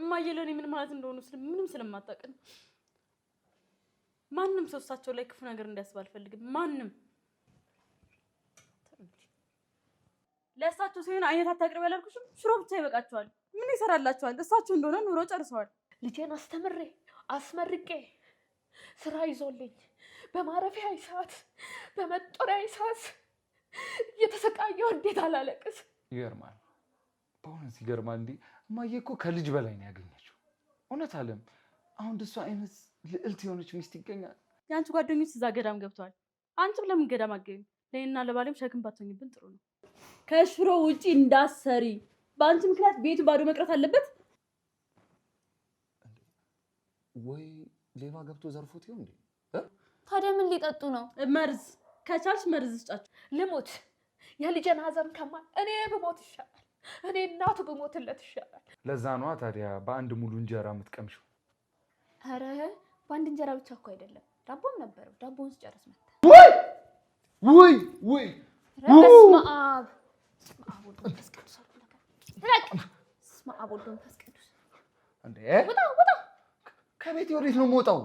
እማዬ ለእኔ ምን ማለት እንደሆኑ ምንም ስለማታውቅ ነው። ማንም ሰው እሳቸው ላይ ክፉ ነገር እንዲያስብ አልፈልግም። ማንም ለእሳቸው ሲሆን አይነት አታቅርብ ያላልኩሽም። ሽሮ ብቻ ይበቃቸዋል። ምን ይሰራላቸዋል? እሳቸው እንደሆነ ኑሮ ጨርሰዋል። ልጄን አስተምሬ አስመርቄ ስራ ይዞልኝ በማረፊያ ሰዓት በመጦሪያ ሰዓት እየተሰቃየው እንዴት አላለቅስ? ይገርማል። በእውነት ይገርማል። እንዴ እማዬ እኮ ከልጅ በላይ ነው ያገኘችው። እውነት አለም፣ አሁን ደሱ አይነት ልዕልት የሆነች ሚስት ይገኛል? የአንቺ ጓደኞች እዛ ገዳም ገብተዋል። አንቺም ለምን ገዳም አገኙ? ለእኔና ለባሌም ሸክም ባትሆኝብን ጥሩ ነው። ከሽሮ ውጪ እንዳሰሪ። በአንቺ ምክንያት ቤቱ ባዶ መቅረት አለበት ወይ? ሌባ ገብቶ ዘርፎት ይሆን እንዴ? ታዲያ ምን ሊጠጡ ነው? መርዝ ከቻልሽ መርዝ ስጫቸው። ልሞት የልጄን ሀዘን ከማ እኔ ብሞት ይሻላል። እኔ እናቱ በሞትለት ይሻላል። ለዛ ነዋ ታዲያ በአንድ ሙሉ እንጀራ የምትቀምሽው። ኧረ በአንድ እንጀራ ብቻ እኮ አይደለም፣ ዳቦም ነበረው። ዳቦውን ስጨርስ መታ ውይ ውይ ውይ! በስመ አብ በስመ አብ ቅዱስ። እንዴ! ውጣ ውጣ! ወዴት ነው የምወጣው?